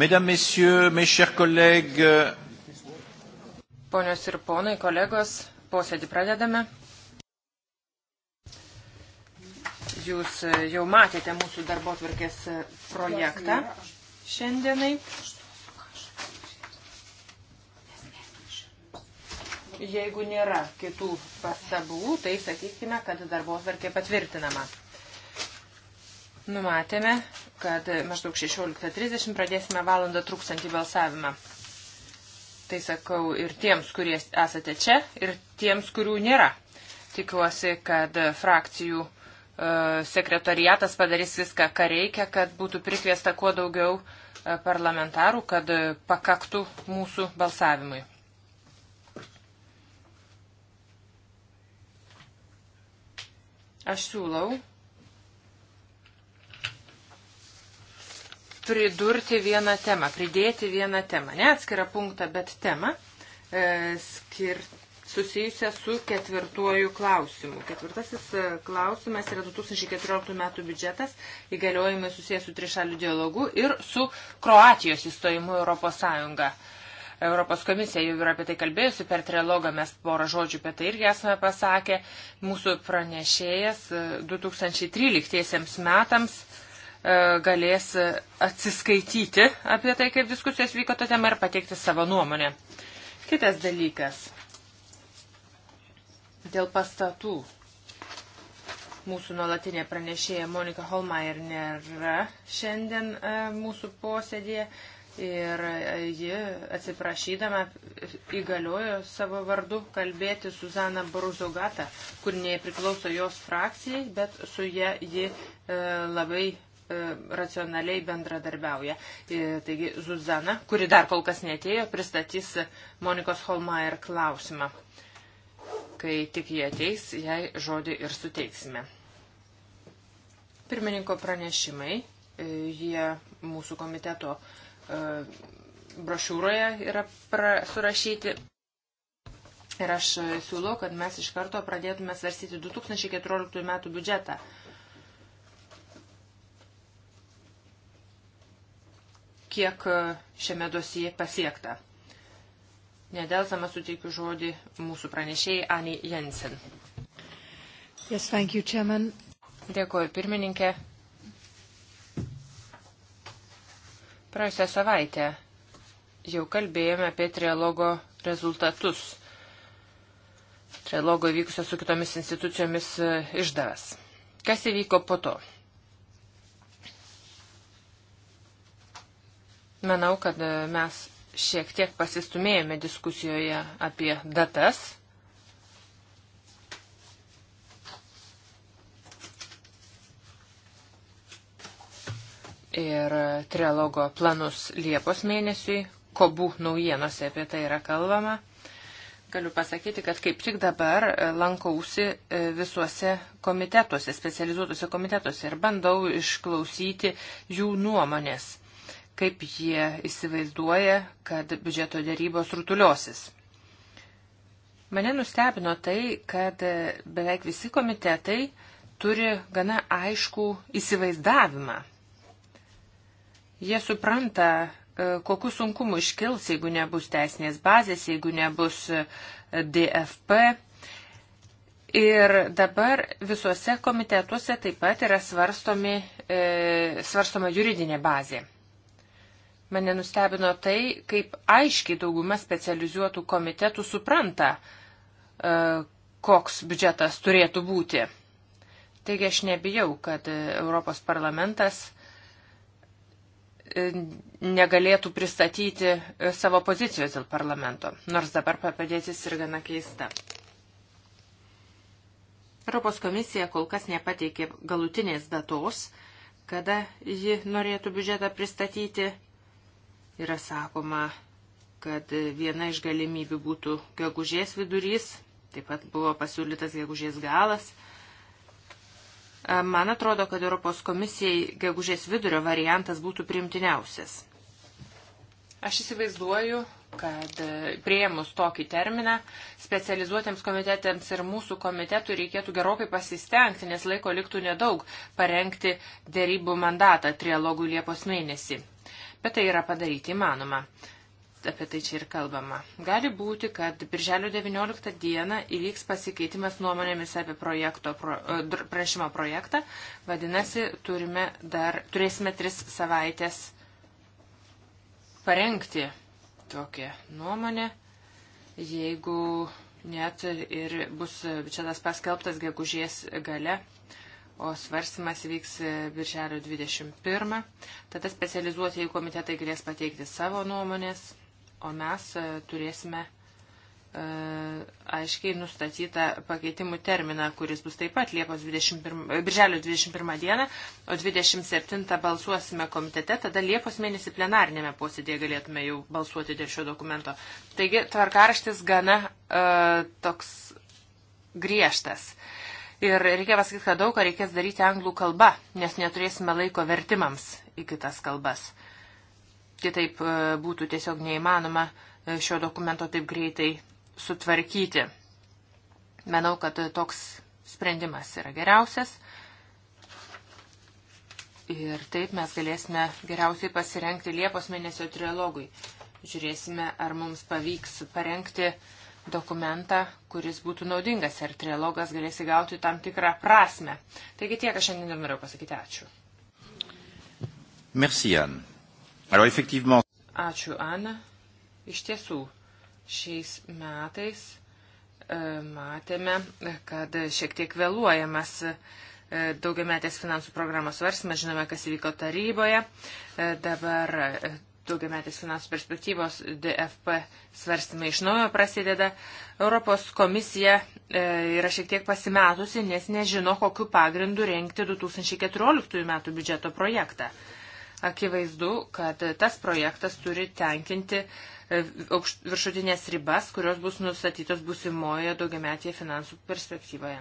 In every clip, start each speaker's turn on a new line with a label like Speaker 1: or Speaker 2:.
Speaker 1: Mesdames, Messieurs, mes chers collègues.
Speaker 2: Ponios ir ponai, kolegos, posėdį pradedame. Jūs jau matėte mūsų darbo tvarkės projektą šiandienai. Jeigu nėra kitų pastabų, tai sakykime, kad darbo tvarkė patvirtinama. Numatėme kad maždaug 16.30 pradėsime valandą truksantį balsavimą. Tai sakau ir tiems, kurie esate čia, ir tiems, kurių nėra. Tikiuosi, kad frakcijų e, sekretariatas padarys viską, ką reikia, kad būtų prikviesta kuo daugiau e, parlamentarų, kad pakaktų mūsų balsavimui. Aš siūlau pridurti vieną temą, pridėti vieną temą, ne atskirą punktą, bet temą e, skir, susijusią su ketvirtuoju klausimu. Ketvirtasis e, klausimas yra 2014 metų biudžetas, įgaliojimai susijęs su trišalių dialogu ir su Kroatijos įstojimu Europos Sąjunga. Europos komisija jau yra apie tai kalbėjusi, per trilogą mes porą žodžių apie tai irgi esame pasakę. Mūsų pranešėjas 2013 e, metams E, galės atsiskaityti apie tai, kaip diskusijos vyko to tema ir pateikti savo nuomonę. Kitas dalykas. Dėl pastatų. Mūsų nuolatinė pranešėja Monika Holmeier nėra šiandien e, mūsų posėdėje ir e, ji atsiprašydama įgaliojo savo vardu kalbėti Suzaną Baruzogata, kur nepriklauso jos frakcijai, bet su ja ji labai E, racionaliai bendradarbiauja. E, taigi Zuzana, kuri dar kol kas netėjo, pristatys Monikos Holmaier klausimą. Kai tik jie ateis, jai žodį ir suteiksime. Pirmininko pranešimai, e, jie mūsų komiteto brošiūroje yra surašyti. Ir aš siūlau, kad mes iš karto pradėtume svarstyti 2014 metų biudžetą. kiek e, šiame dosije pasiekta. Nedelsama suteikiu žodį mūsų pranešėjai Ani Jensen. Yes, thank you, Chairman. Dėkuoju, pirmininkė. Praėjusią savaitę jau kalbėjome apie trialogo rezultatus. Trialogo įvykusio su kitomis institucijomis e, išdavas. Kas įvyko po to? Manau, kad e, mes šiek tiek pasistumėjome diskusijoje apie datas. Ir trilogo planus Liepos mėnesiui, kobų naujienose apie tai yra kalbama. Galiu pasakyti, kad kaip tik dabar e, lankausi e, visuose komitetuose, specializuotose komitetuose ir bandau išklausyti jų nuomonės kaip jie įsivaizduoja, kad biudžeto dėrybos rutuliosis. Mane nustebino tai, kad beveik visi komitetai turi gana aišku įsivaizdavimą. Jie supranta, e, kokiu sunkumu iškils, jeigu nebus teisinės bazės, jeigu nebus e, DFP. Ir dabar visuose komitetuose taip pat yra svarstomi, e, svarstoma juridinė bazė. Mane nustebino tai, kaip aiškiai dauguma specializuotų komitetų supranta, e, koks biudžetas turėtų būti. Taigi aš nebijau, kad Europos parlamentas e, negalėtų pristatyti e, savo pozicijos dėl parlamento, nors dabar papadėtis ir gana keista. Europos komisija kol kas nepateikė galutinės datos, kada ji norėtų biudžetą pristatyti yra sakoma, kad viena iš galimybių būtų gegužės vidurys, taip pat buvo pasiūlytas gegužės galas. Man atrodo, kad Europos komisijai gegužės vidurio variantas būtų primtiniausias. Aš įsivaizduoju, kad e, prieimus tokį terminą specializuotėms komitetėms ir mūsų komitetui reikėtų gerokai pasistengti, nes laiko liktų nedaug parengti dėrybų mandatą trialogų Liepos mėnesį bet tai yra padaryti įmanoma. Apie tai čia ir kalbama. Gali būti, kad birželio 19 dieną įvyks pasikeitimas nuomonėmis apie projekto, pro, e, prašymo projektą. Vadinasi, turime dar, turėsime tris savaitės parengti tokią nuomonę. Jeigu net ir bus čia tas paskelbtas gegužės gale, o svarstymas vyks birželio 21. Tada specializuotieji komitetai galės pateikti savo nuomonės, o mes e, turėsime e, aiškiai nustatytą pakeitimų terminą, kuris bus taip pat Liepos 21, e, birželio 21 dieną, o 27 balsuosime komitete, tada Liepos mėnesį plenarnėme posėdėje galėtume jau balsuoti dėl šio dokumento. Taigi tvarkaraštis gana uh, toks griežtas. Ir reikia pasakyti, kad daug ką reikės daryti anglų kalba, nes neturėsime laiko vertimams į kitas kalbas. Kitaip e, būtų tiesiog neįmanoma e, šio dokumento taip greitai sutvarkyti. Manau, kad e, toks sprendimas yra geriausias. Ir taip mes galėsime geriausiai pasirengti Liepos mėnesio trilogui. Žiūrėsime, ar mums pavyks parengti uh, dokumentą, kuris būtų naudingas ir trilogas galės įgauti tam tikrą prasme. Taigi tiek aš šiandien ir norėjau pasakyti ačiū. Merci, Anne. Alors, effectivement... Ačiū, Ana. Iš tiesų, šiais metais e, matėme, kad šiek tiek vėluojamas e, daugiametės finansų programos svarstymas, žinome, kas įvyko taryboje. E, dabar daugiametės finansų perspektyvos DFP svarstymai iš naujo prasideda. Europos komisija e, yra šiek tiek pasimetusi, nes nežino, kokiu pagrindu renkti 2014 metų biudžeto projektą. Akivaizdu, kad tas projektas turi tenkinti e, aukšt, viršutinės ribas, kurios bus nustatytos būsimoje daugiametėje finansų perspektyvoje.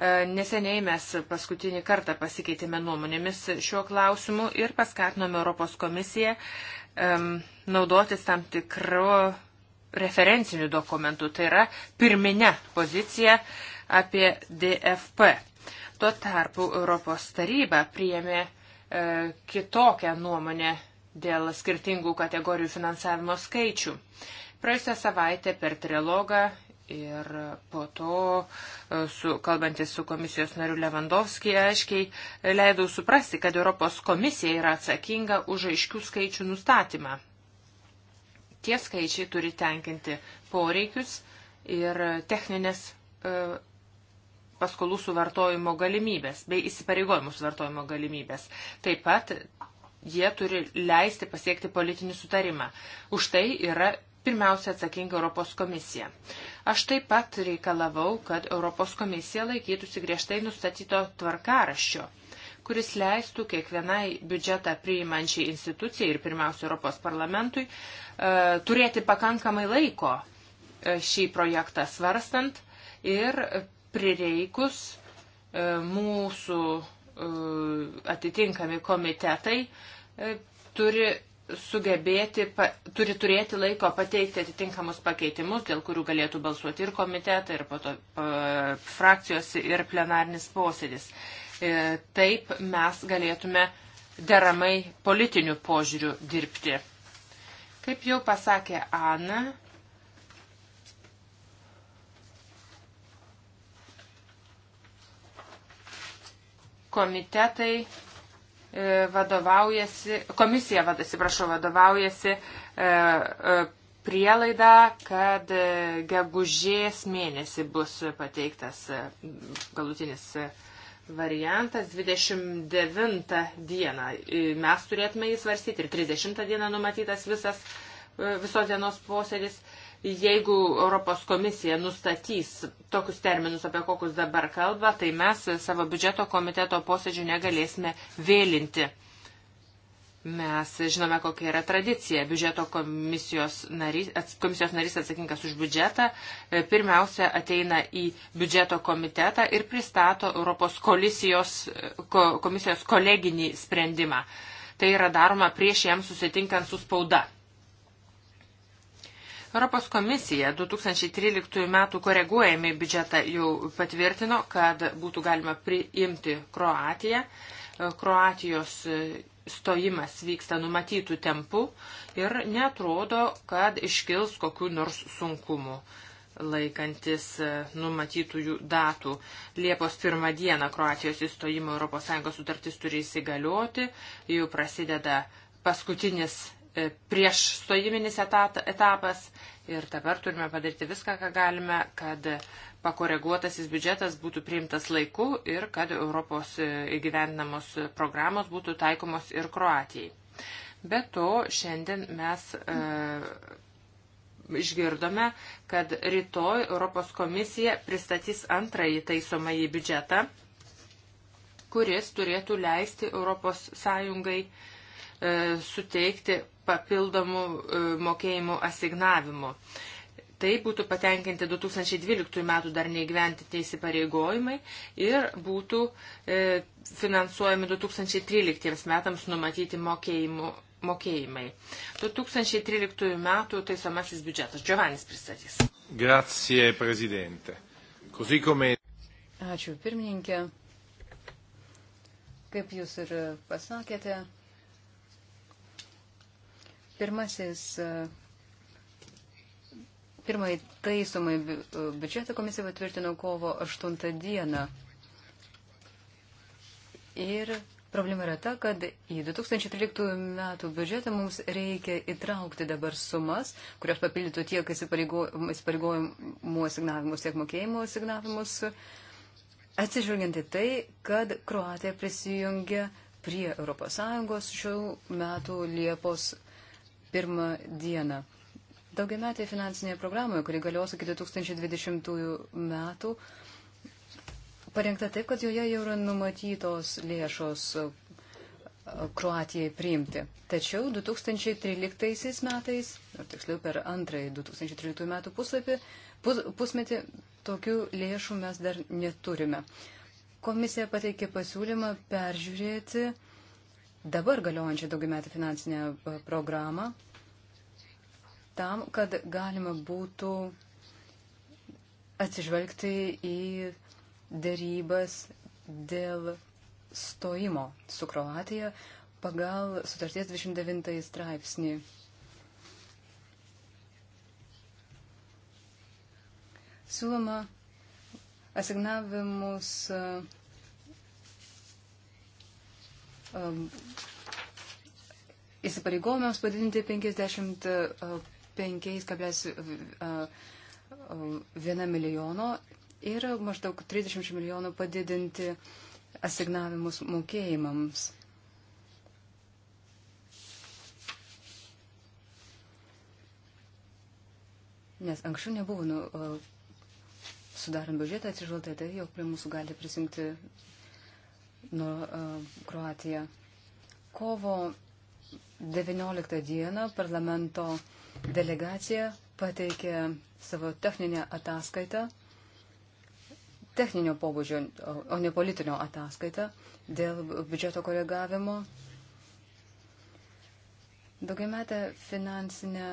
Speaker 2: E, neseniai mes paskutinį kartą pasikeitėme nuomonėmis šiuo klausimu ir paskatinome Europos komisiją um, naudotis tam tikru referenciniu dokumentu, tai yra pirminė pozicija apie DFP. Tuo tarpu Europos taryba priėmė e, kitokią nuomonę dėl skirtingų kategorijų finansavimo skaičių. Praėjusią savaitę per trilogą Ir po to, e, su, kalbantis su komisijos nariu Levandovskį, aiškiai e, leidau suprasti, kad Europos komisija yra atsakinga už aiškių skaičių nustatymą. Tie skaičiai turi tenkinti poreikius ir techninės e, paskolų suvartojimo galimybės bei įsipareigojimų suvartojimo galimybės. Taip pat jie turi leisti pasiekti politinį sutarimą. Už tai yra pirmiausia atsakinga Europos komisija. Aš taip pat reikalavau, kad Europos komisija laikytųsi griežtai nustatyto tvarkaraščio, kuris leistų kiekvienai biudžetą priimančiai institucijai ir pirmiausia Europos parlamentui e, turėti pakankamai laiko e, šį projektą svarstant ir prireikus e, mūsų e, atitinkami komitetai e, turi sugebėti, pa, turi turėti laiko pateikti atitinkamus pakeitimus, dėl kurių galėtų balsuoti ir komitetai, ir po to pa, frakcijos, ir plenarnis posėdis. E, taip mes galėtume deramai politinių požiūrių dirbti. Kaip jau pasakė Ana, komitetai E, vadovaujasi, komisija, atsiprašau, vadovaujasi e, e, prielaida, kad gegužės mėnesį bus pateiktas galutinis variantas 29 dieną. Mes turėtume jį svarstyti ir 30 dieną numatytas visas visos dienos posėdis. Jeigu Europos komisija nustatys tokius terminus, apie kokius dabar kalba, tai mes savo biudžeto komiteto posėdžių negalėsime vėlinti. Mes žinome, kokia yra tradicija. Biudžeto komisijos narys, komisijos narys atsakingas už biudžetą e, pirmiausia ateina į biudžeto komitetą ir pristato Europos komisijos, e, komisijos koleginį sprendimą. Tai yra daroma prieš jam susitinkant su spauda. Europos komisija 2013 metų koreguojami biudžetą jau patvirtino, kad būtų galima priimti Kroatiją. Kroatijos stojimas vyksta numatytų tempų ir netrodo, kad iškils kokiu nors sunkumu laikantis numatytųjų datų. Liepos pirmą dieną Kroatijos įstojimo ES sutartis turi įsigalioti, jau prasideda paskutinis E, prieš stojiminis etapas ir dabar turime padaryti viską, ką galime, kad pakoreguotasis biudžetas būtų priimtas laiku ir kad Europos e, įgyvendinamos programos būtų taikomos ir Kroatijai. Be to, šiandien mes e, išgirdome, kad rytoj Europos komisija pristatys antrąjį taisomąjį biudžetą, kuris turėtų leisti Europos Sąjungai e, suteikti papildomų e, mokėjimų asignavimų. Tai būtų patenkinti 2012 metų dar neįgyventinti įsipareigojimai ir būtų e, finansuojami 2013 metams numatyti mokėjimų, mokėjimai. 2013 metų taisomasis biudžetas. Giovannis pristatys.
Speaker 3: Grazie, prezidente. Così come...
Speaker 1: Ačiū, pirmininkė. Kaip jūs ir pasakėte, Pirmasis, e, pirmai taisomai e, biudžeto komisija patvirtino kovo 8 dieną. Ir problema yra ta, kad į 2013 metų biudžetą mums reikia įtraukti dabar sumas, kurios papildytų tiek įsipareigojimų asignavimus, tiek mokėjimų asignavimus, atsižvelgiant į tai, kad Kroatija prisijungia prie ES šių metų Liepos 1 pirmą dieną. Daugiametėje finansinėje programoje, kuri galios iki 2020 metų, parengta taip, kad joje jau yra numatytos lėšos e, Kroatijai priimti. Tačiau 2013 metais, ar tiksliau per antrąjį 2013 metų puslapį, pus, pusmetį tokių lėšų mes dar neturime. Komisija pateikė pasiūlymą peržiūrėti uh, dabar galiojančią daugiametę finansinę e, programą tam, kad galima būtų atsižvelgti į dėrybas dėl stojimo su Kroatija pagal sutarties 29 straipsnį. Siūloma asignavimus uh, um, įsipareigojimams padidinti 55,1 uh, um, milijono ir maždaug 30 milijonų padidinti asignavimus mokėjimams. Nes anksčiau nebuvo nu, uh, sudarant biudžetą atsižvelgta tai, jog prie mūsų gali prisijungti nu, e, Kroatiją. Kovo 19 dieną parlamento delegacija pateikė savo techninę ataskaitą, techninio pobūdžio, o ne politinio ataskaitą dėl biudžeto koregavimo. Daugiametę finansinę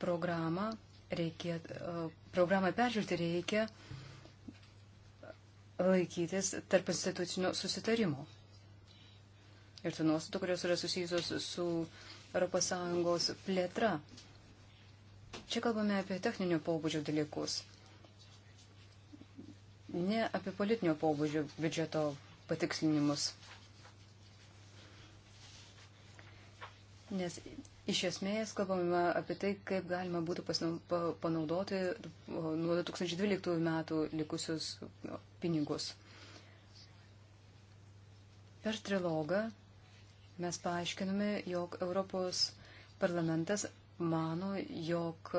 Speaker 1: programą, reikėt, e, programą peržiūrėti reikia laikytis tarp institucinio susitarimo. Ir tų nuostatų, kurios yra susijusios su ES plėtra. Čia kalbame apie techninio pobūdžio dalykus, ne apie politinio pobūdžio biudžeto patikslinimus. Nes Iš esmės, kalbame apie tai, kaip galima būtų panaudoti nuo 2012 metų likusius pinigus. Per trilogą mes paaiškiname, jog Europos parlamentas mano, jog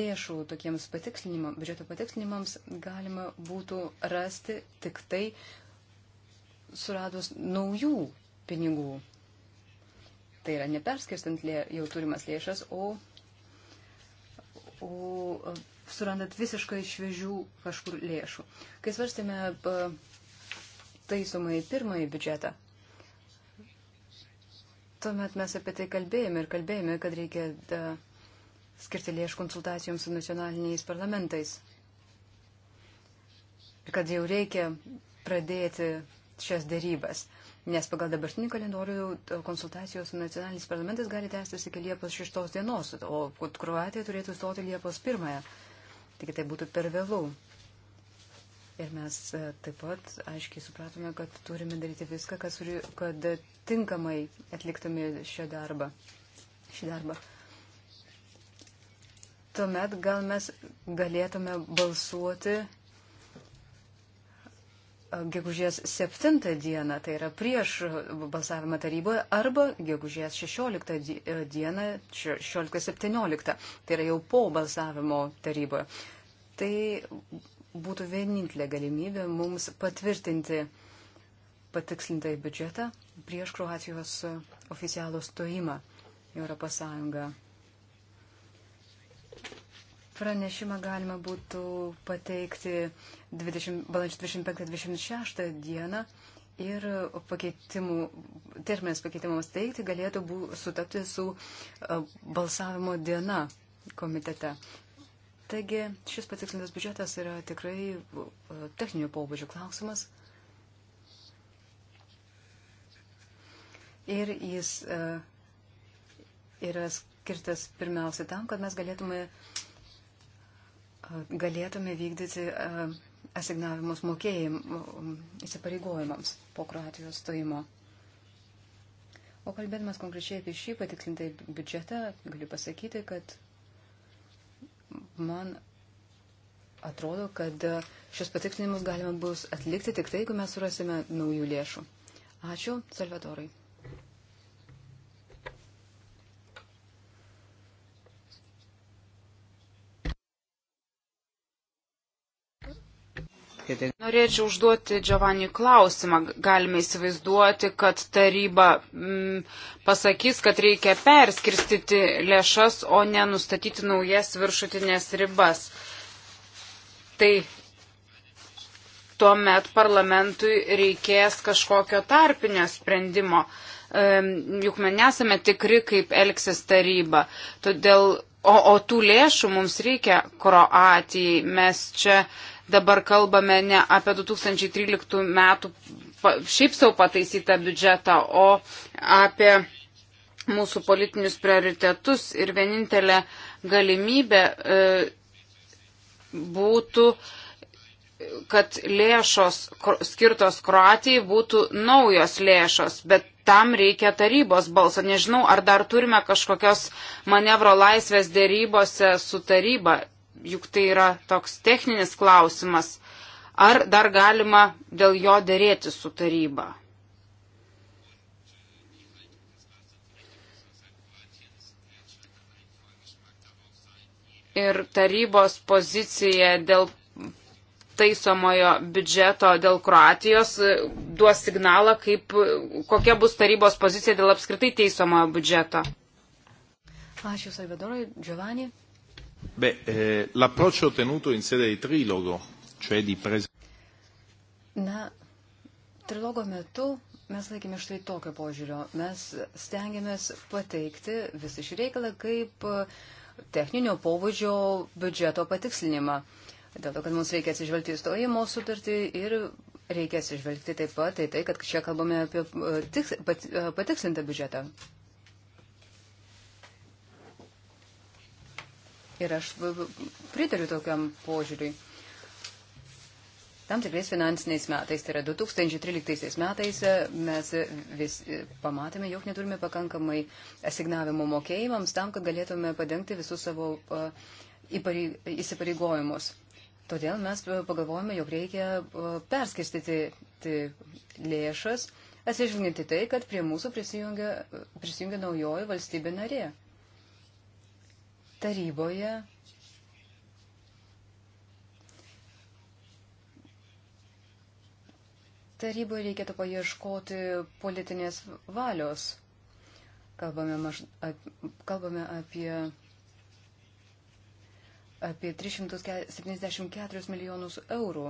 Speaker 1: lėšų tokiems patikslinimams, biudžeto patikslinimams galima būtų rasti tik tai suradus naujų pinigų. Tai yra neperskirstant lė, jau turimas lėšas, o, o surandant visiškai šviežių kažkur lėšų. Kai svarstėme taisomai pirmąjį biudžetą, tuomet mes apie tai kalbėjome ir kalbėjome, kad reikia da, skirti lėšų konsultacijoms su nacionaliniais parlamentais. Ir kad jau reikia pradėti šias dėrybas nes pagal dabartinį kalendorių konsultacijos su nacionalinis parlamentas gali tęstis iki Liepos 6 dienos, o Kroatija turėtų stoti Liepos 1. Taigi tai būtų per vėlų. Ir mes e, taip pat aiškiai supratome, kad turime daryti viską, kad, suri, kad tinkamai atliktume šią darbą. Šį darbą. Tuomet gal mes galėtume balsuoti gegužės 7 dieną, tai yra prieš balsavimą taryboje, arba gegužės 16 e, dieną, 16-17, tai yra jau po balsavimo taryboje. Tai būtų vienintelė galimybė mums patvirtinti patikslintai biudžetą prieš Kroatijos oficialų stojimą į Europos Sąjungą. Pranešimą galima būtų pateikti 20, balandžio 25-26 dieną ir pakeitimų, terminas pakeitimams teikti galėtų bū, sutapti su balsavimo diena komitete. Taigi šis patikslintas biudžetas yra tikrai techninio pobūdžio klausimas. Ir jis yra skirtas pirmiausia tam, kad mes galėtume uh, galėtume vykdyti e, asignavimus mokėjim įsipareigojimams po Kroatijos stojimo. O kalbėdamas konkrečiai apie šį patikslintai biudžetą, galiu pasakyti, kad man atrodo, kad šios patikslinimus galima bus atlikti tik tai, jeigu mes surasime naujų lėšų. Ačiū, Salvatorai.
Speaker 3: Norėčiau užduoti Giovanni klausimą. Galime įsivaizduoti, kad taryba mm, pasakys, kad reikia perskirstyti lėšas, o ne nustatyti naujas viršutinės ribas. Tai tuomet parlamentui reikės kažkokio tarpinio sprendimo. Juk mes nesame tikri, kaip elgsis taryba. Todėl, o, o tų lėšų mums reikia Kroatijai. Mes čia dabar kalbame ne apie 2013 metų šiaip savo pataisytą biudžetą, o apie mūsų politinius prioritetus ir vienintelė galimybė e, būtų, kad lėšos skirtos Kroatijai būtų naujos lėšos, bet tam reikia tarybos balso. Nežinau, ar dar turime kažkokios manevro laisvės dėrybose su taryba juk tai yra toks techninis klausimas, ar dar galima dėl jo dėrėti su taryba. Ir tarybos pozicija dėl taisomojo biudžeto dėl Kroatijos e, duos signalą, kaip, kokia bus tarybos pozicija dėl apskritai teisomojo biudžeto.
Speaker 1: Ačiū, Salvadorai. Giovanni.
Speaker 3: Beh, eh, l'approccio tenuto in sede di trilogo, cioè di prezentazione.
Speaker 1: Na, trilogo metu mes laikėme štai tokio požiūrio. Mes stengiamės pateikti visą šį reikalą kaip eh, techninio pobūdžio biudžeto patikslinimą. Dėl to, kad mums reikia atsižvelgti įstojimo sutartį ir reikia atsižvelgti taip pat į tai, kad čia kalbame apie patiks, eh, pat, eh, patikslintą biudžetą. Ir aš pritariu tokiam požiūriui. Tam tikrais finansiniais metais, tai yra 2013 metais, mes vis pamatėme, jog neturime pakankamai asignavimo mokėjimams tam, kad galėtume padengti visus savo įsipareigojimus. Todėl mes pagalvojame, jog reikia perskirstyti lėšas, atsižvelginti tai, kad prie mūsų prisijungia, prisijungia naujoji valstybė narė taryboje taryboje reikėtų paieškoti politinės valios. Kalbame, maž, ap, kalbame apie, apie 374 milijonus eurų.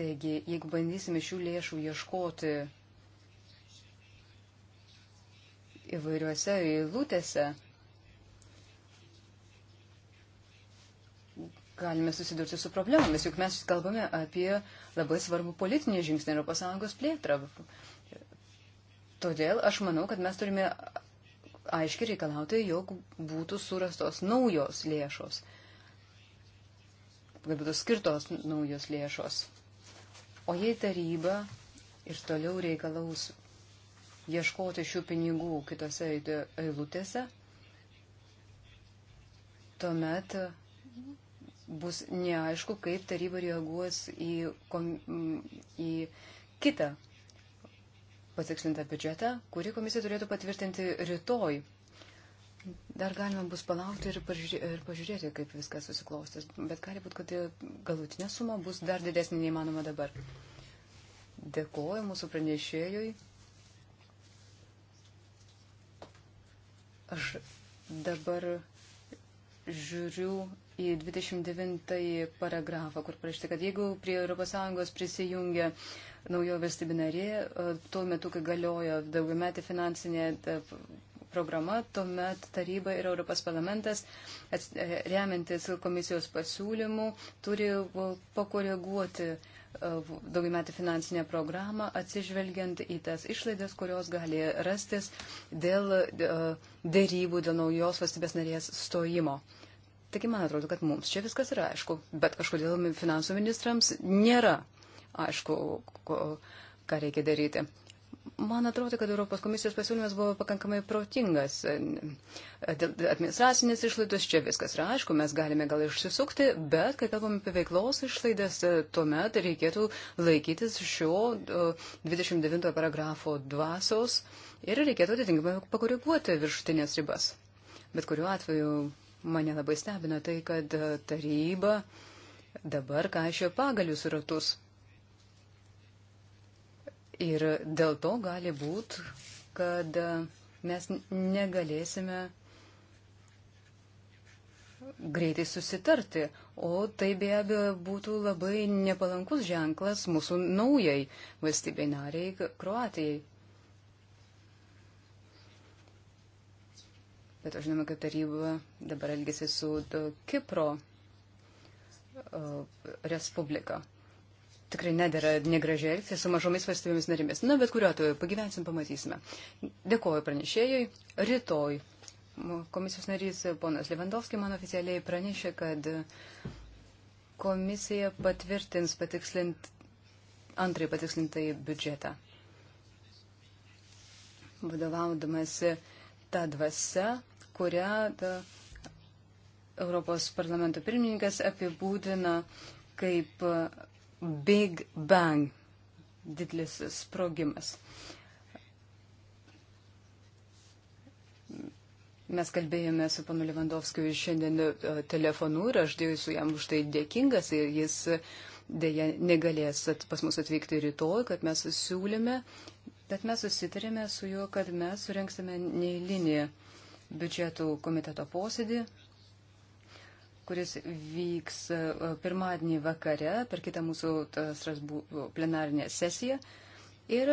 Speaker 1: Taigi, jeigu bandysime šių lėšų ieškoti įvairiuose eilutėse, galime susidurti su problemomis, juk mes kalbame apie labai svarbų politinį žingsnį Europos Sąjungos plėtrą. Todėl aš manau, kad mes turime aiškiai reikalauti, jog būtų surastos naujos lėšos, kad būtų skirtos naujos lėšos. O jei taryba ir toliau reikalaus ieškoti šių pinigų kitose eilutėse, tuomet bus neaišku, kaip taryba reaguos į, kom, į kitą patikslintą biudžetą, kurį komisija turėtų patvirtinti rytoj. Dar galima bus palaukti ir, pažiūrė, ir pažiūrėti, kaip viskas susiklostys, bet gali būti, kad galutinė suma bus dar didesnė neįmanoma dabar. Dėkuoju mūsų pranešėjui. Aš dabar žiūriu į 29 paragrafą, kur parašyta, kad jeigu prie ES prisijungia naujo valstybė narė, e, tuo metu, kai galiojo daugiametė finansinė e, programa, tuomet taryba ir Europos parlamentas, e, remiantis komisijos pasiūlymų, turi pakoreguoti daugiametį finansinę programą, atsižvelgiant į tas išlaidas, kurios gali rastis dėl dėrybų dėl naujos valstybės narės stojimo. Taigi man atrodo, kad mums čia viskas yra aišku, bet kažkodėl finansų ministrams nėra aišku, ko, ką reikia daryti. Man atrodo, kad Europos komisijos pasiūlymas buvo pakankamai protingas. Dėl administracinės išlaidos čia viskas yra aišku, mes galime gal išsisukti, bet kai kalbame apie veiklos išlaidas, tuomet reikėtų laikytis šio 29 paragrafo dvasos ir reikėtų atitinkamai pakoreguoti viršutinės ribas. Bet kuriuo atveju Mane labai stebina tai, kad taryba dabar kašio pagalius ratus. Ir dėl to gali būti, kad mes negalėsime greitai susitarti, o tai be abejo būtų labai nepalankus ženklas mūsų naujai valstybei nariai Kroatijai. Bet aš žinoma, kad taryba dabar elgesi su Kipro Respublika. Tikrai nedėra negražiai elgtis su mažomis valstybėmis narimis. Na, bet kuriuo atveju pagyvensim, pamatysime. Dėkoju pranešėjui. Rytoj komisijos narys ponas Levandovskis man oficialiai pranešė, kad komisija patvirtins patikslint, antrai patikslintai biudžetą. Vadovaudamasi tą dvasę, kurią da, Europos parlamento pirmininkas apibūdina kaip Big Bang, didelis sprogimas. Mes kalbėjome su panu Levandovskiu šiandien e, telefonu ir aš dėjau su jam už tai dėkingas ir jis e, dėja negalės pas mus atvykti rytoj, kad mes siūlėme, bet mes susitarėme su juo, kad mes surenksime neįlinį biudžetų komiteto posėdį, kuris vyks e, pirmadienį vakare per kitą mūsų Strasbūro plenarinę sesiją. Ir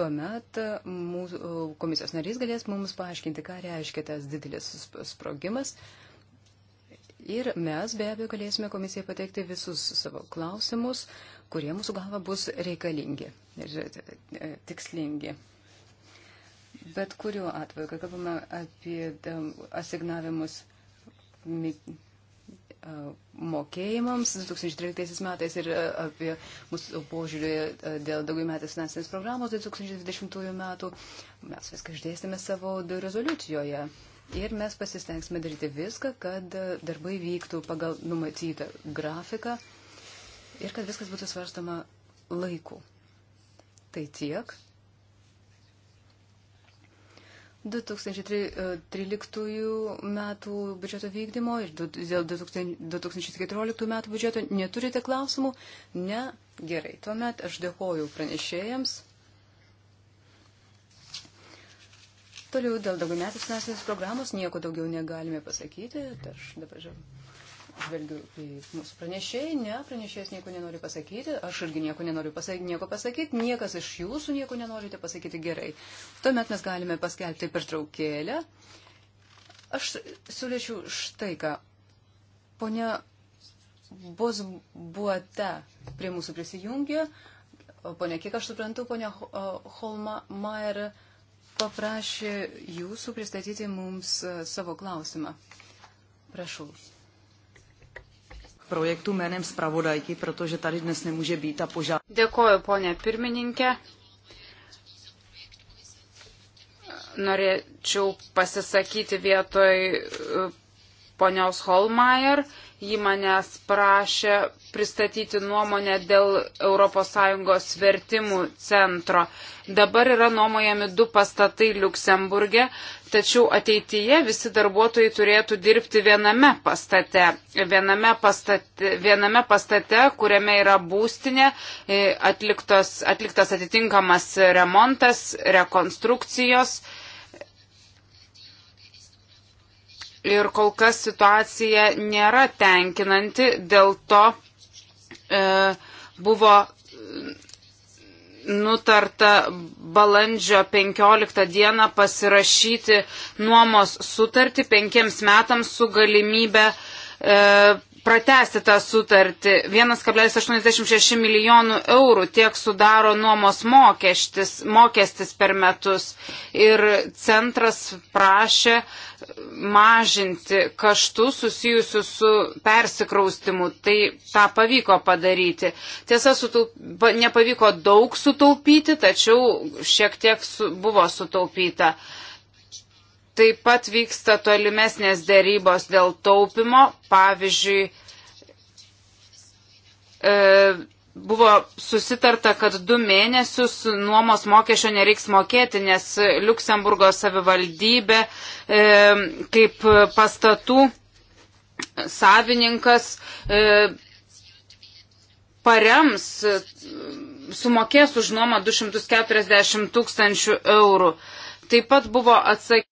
Speaker 1: tuomet e, mūsų e, komisijos narys galės mums paaiškinti, ką reiškia tas didelis sprogimas. Ir mes be abejo galėsime komisijai pateikti visus savo klausimus, kurie mūsų galva bus reikalingi ir tikslingi. Bet kuriuo atveju, kai kalbame apie asignavimus mokėjimams 2013 metais ir e, apie mūsų požiūrį e, dėl daugiametės finansinės programos 2020 metų, mes viską išdėstėme savo rezoliucijoje. Ir mes pasistengsime daryti viską, kad e, darbai vyktų pagal numatytą grafiką ir kad viskas būtų svarstama laiku. Tai tiek. 2013 metų biudžeto vykdymo ir dėl 2014 metų biudžeto neturite klausimų? Ne? Gerai. Tuomet aš dėkoju pranešėjams. Toliau dėl daugiametės finansinės programos nieko daugiau negalime pasakyti. Aš dabar žiūrėjau žvelgiu į mūsų pranešėjai, ne, pranešėjas nieko nenori pasakyti, aš irgi nieko nenoriu pasakyti, nieko pasakyti, niekas iš jūsų nieko nenorite pasakyti gerai. Tuomet mes galime paskelbti pertraukėlę. Aš siūlyčiau štai ką. Pone bus buote prie mūsų prisijungė, ponia, kiek aš suprantu, ponia Holma Maier paprašė jūsų pristatyti mums savo klausimą. Prašau
Speaker 3: projektu jménem zpravodajky, protože tady dnes nemůže být a požádat. Dėkoju, ponė pirmininkė. Norėčiau pasisakyti vietoj ponios Holmeier. Ji manęs prašė pristatyti nuomonę dėl ES vertimų centro. Dabar yra nuomojami du pastatai Luksemburgė, tačiau ateityje visi darbuotojai turėtų dirbti viename pastate. Viename pastate, viename pastate kuriame yra būstinė, e, atliktos, atliktas atitinkamas remontas, rekonstrukcijos ir kol kas situacija nėra tenkinanti, dėl to e, buvo nutarta balandžio 15 dieną pasirašyti nuomos sutartį penkiems metams su galimybė e, pratesti tą sutartį. 1,86 milijonų eurų tiek sudaro nuomos mokestis, mokestis per metus. Ir centras prašė mažinti kaštus susijusius su persikraustimu. Tai tą pavyko padaryti. Tiesa, sutaup... nepavyko daug sutaupyti, tačiau šiek tiek su... buvo sutaupyta. Uh, Taip pat vyksta tolimesnės dėrybos dėl taupimo. Pavyzdžiui, e, buvo susitarta, kad du mėnesius nuomos mokesčio nereiks mokėti, nes Luksemburgo savivaldybė e, kaip pastatų savininkas e, parems, sumokės už nuomą 240 tūkstančių eurų. Taip pat buvo atsakyta.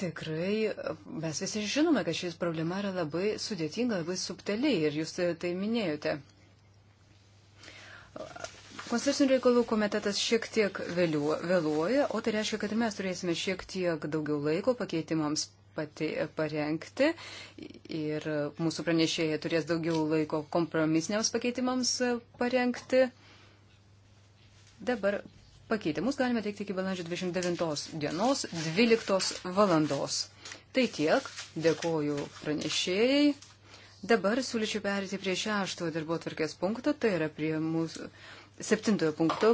Speaker 1: Tikrai mes visi žinome, kad šis problema yra labai sudėtinga, labai subtiliai ir jūs tai, tai minėjote. Konstitucinių reikalų komitetas šiek tiek vėliu, vėluoja, o tai reiškia, kad mes turėsime šiek tiek daugiau laiko pakeitimams pati, parengti ir mūsų pranešėjai turės daugiau laiko kompromisiniams pakeitimams parengti. Dabar Pakeitimus galime teikti iki balandžio 29 dienos 12 valandos. Tai tiek. Dėkoju pranešėjai. Dabar siūlyčiau perėti prie šeštojo darbo tvarkės punkto, tai yra prie mūsų septintojo punkto,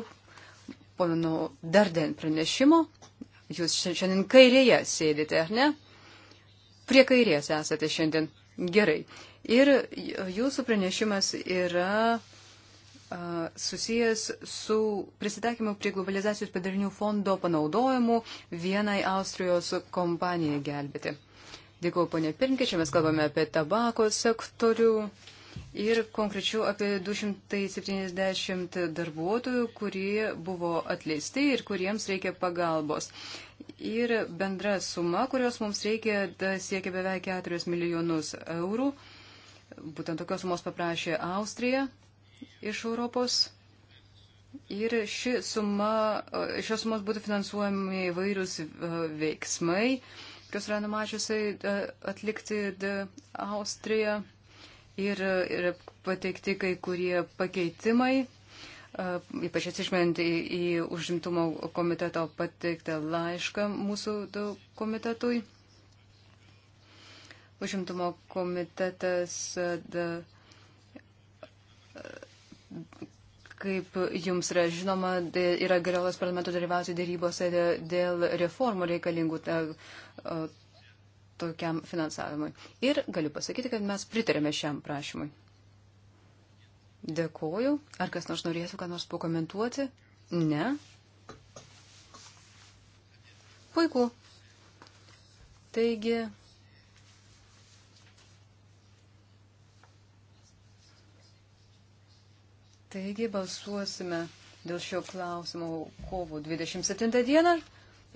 Speaker 1: pono Darden pranešimo. Jūs šiandien kairėje sėdite, ar ne? Prie kairės esate šiandien. Gerai. Ir jūsų pranešimas yra susijęs su prisitaikymu prie globalizacijos padarinių fondo panaudojimu vienai Austrijos kompanijai gelbėti. Dėkuoju, ponė Pirinkė, čia mes kalbame apie tabako sektorių ir konkrečiau apie 270 darbuotojų, kurie buvo atleisti ir kuriems reikia pagalbos. Ir bendra suma, kurios mums reikia, siekia beveik 4 milijonus eurų. Būtent tokios sumos paprašė Austrija iš Europos. Ir ši suma, e, šios sumos būtų finansuojami įvairius e, veiksmai, kas yra numačiusi e, atlikti Austriją. Ir yra pateikti kai kurie pakeitimai, ypač atsižvelgiant į, į užimtumo komiteto pateiktą laišką mūsų komitetui. Užimtumo komitetas. Da, Kaip jums yra žinoma, yra galiolas parlamento dalyvauti dėrybose dėl reformų reikalingų tokiam finansavimui. Ir galiu pasakyti, kad mes pritarėme šiam prašymui. Dėkoju. Ar kas nors norėtų ką nors pakomentuoti? Ne. Puiku. Taigi. Taigi balsuosime dėl šio klausimo kovo 27 dieną,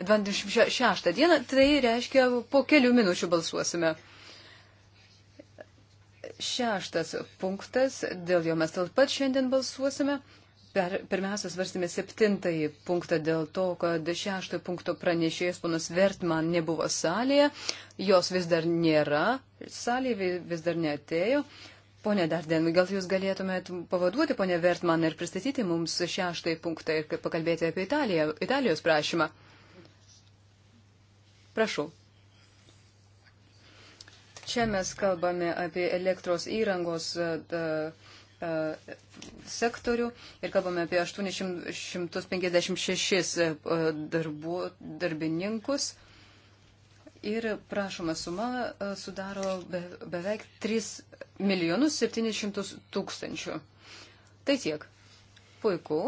Speaker 1: 26 dieną, tai reiškia po kelių minučių balsuosime. Šeštas punktas, dėl jo mes taip pat šiandien balsuosime. Per, pirmiausia, svarstėme septintąjį punktą dėl to, kad šeštojo punkto pranešėjas ponas Vertman nebuvo salėje, jos vis dar nėra, salėje vis dar neatėjo. Pone Darden, gal jūs galėtumėt pavaduoti ponę Vertman ir pristatyti mums šeštąjį punktą ir pakalbėti apie Italiją, Italijos prašymą? Prašau. Čia mes kalbame apie elektros įrangos e, e, sektorių ir kalbame apie 856 e, darbu, darbininkus ir prašoma suma e, sudaro be, beveik 3 milijonus 700 tūkstančių. Tai tiek. Puiku.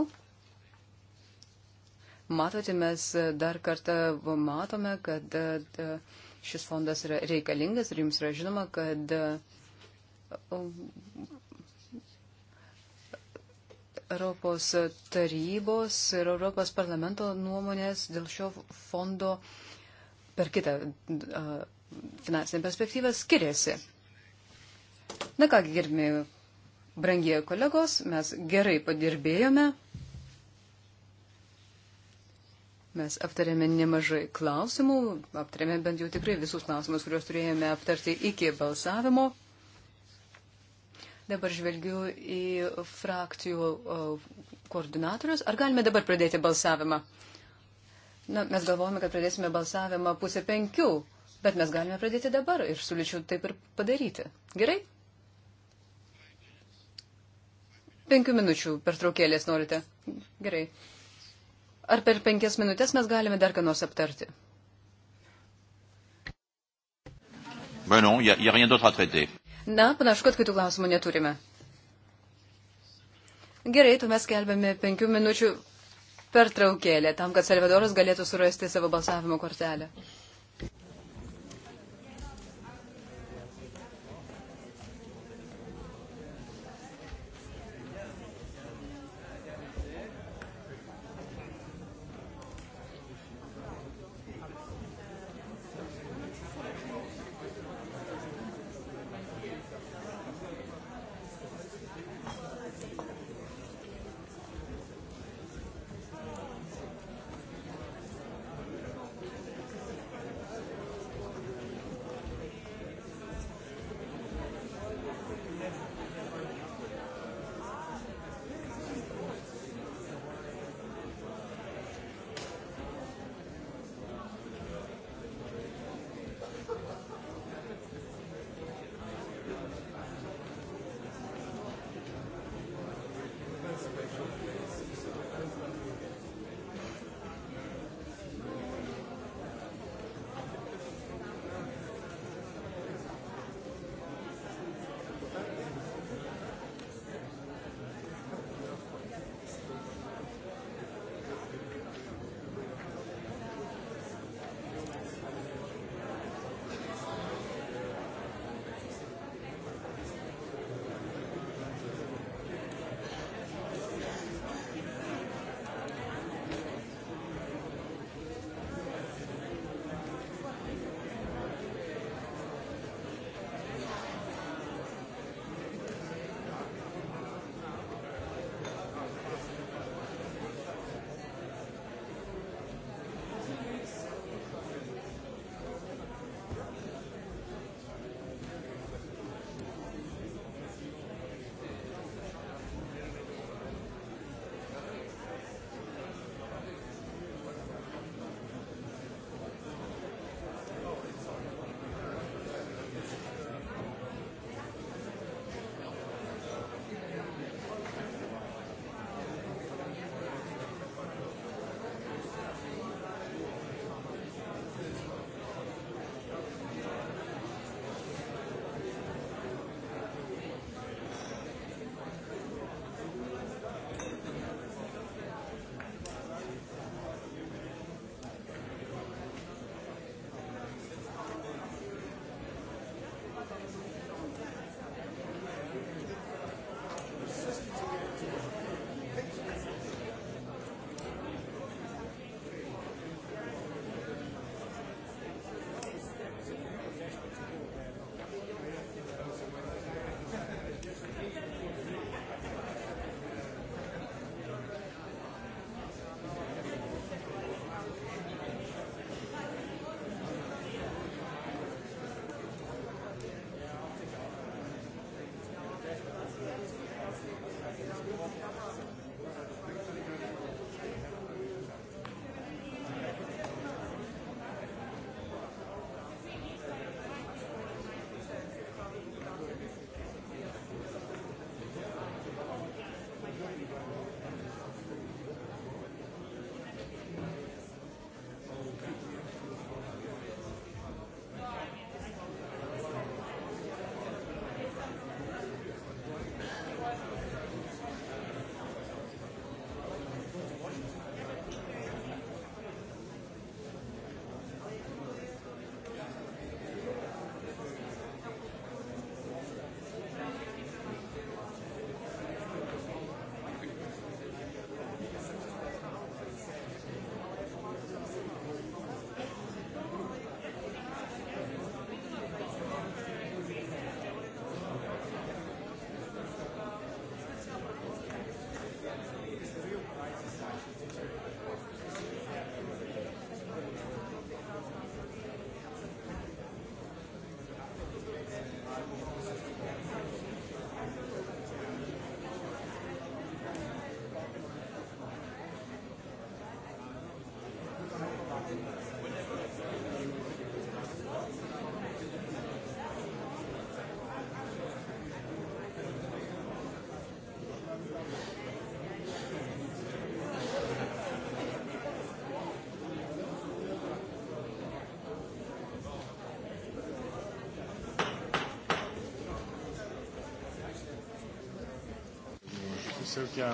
Speaker 1: Matote, mes e, dar kartą matome, kad e, šis fondas yra reikalingas ir jums yra žinoma, kad Europos tarybos ir Europos parlamento nuomonės dėl šio fondo uh, per kitą finansinę perspektyvą skiriasi. Na kągi, gerbimi brangie kolegos, mes gerai padirbėjome. Mes aptarėme nemažai klausimų, aptarėme bent jau tikrai visus klausimus, kuriuos turėjome aptarti iki balsavimo. Dabar žvelgiu į frakcijų koordinatorius. Ar galime dabar pradėti balsavimą? Na, mes galvojame, kad pradėsime balsavimą pusę penkių, bet mes galime pradėti dabar ir suličiau taip ir padaryti. Gerai? Penkių minučių per traukėlės norite. Gerai. Ar per penkias minutės mes galime dar ką nors aptarti? Ben non, il n'y a, a rien d'autre à traiter. Na, panašu, kad kitų klausimų neturime. Gerai, tuomet skelbėme penkių minučių pertraukėlė tam, kad Salvadoras galėtų surasti savo balsavimo kortelę.